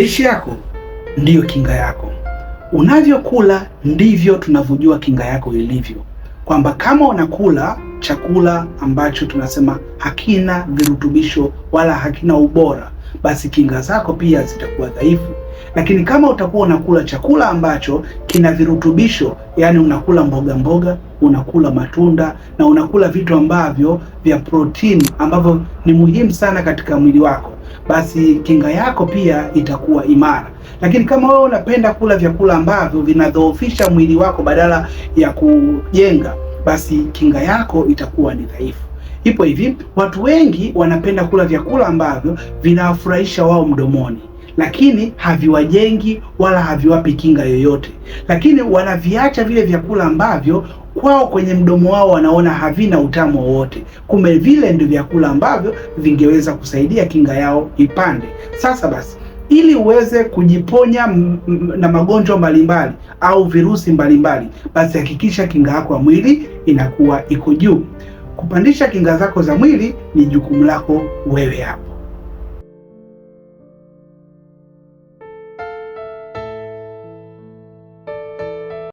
Lishe yako ndiyo kinga yako. Unavyokula ndivyo tunavyojua kinga yako ilivyo, kwamba kama unakula chakula ambacho tunasema hakina virutubisho wala hakina ubora, basi kinga zako pia zitakuwa dhaifu. Lakini kama utakuwa unakula chakula ambacho kina virutubisho, yaani unakula mboga mboga, unakula matunda na unakula vitu ambavyo vya protini ambavyo ni muhimu sana katika mwili wako basi kinga yako pia itakuwa imara. Lakini kama wewe unapenda kula vyakula ambavyo vinadhoofisha mwili wako badala ya kujenga, basi kinga yako itakuwa ni dhaifu. Ipo hivi, watu wengi wanapenda kula vyakula ambavyo vinawafurahisha wao mdomoni lakini haviwajengi wala haviwapi kinga yoyote, lakini wanaviacha vile vyakula ambavyo kwao kwenye mdomo wao wanaona havina utamu wowote. Kumbe vile ndio vyakula ambavyo vingeweza kusaidia kinga yao ipande. Sasa basi ili uweze kujiponya na magonjwa mbalimbali au virusi mbalimbali, basi hakikisha kinga yako ya mwili inakuwa iko juu. Kupandisha kinga zako za mwili ni jukumu lako wewe hapo.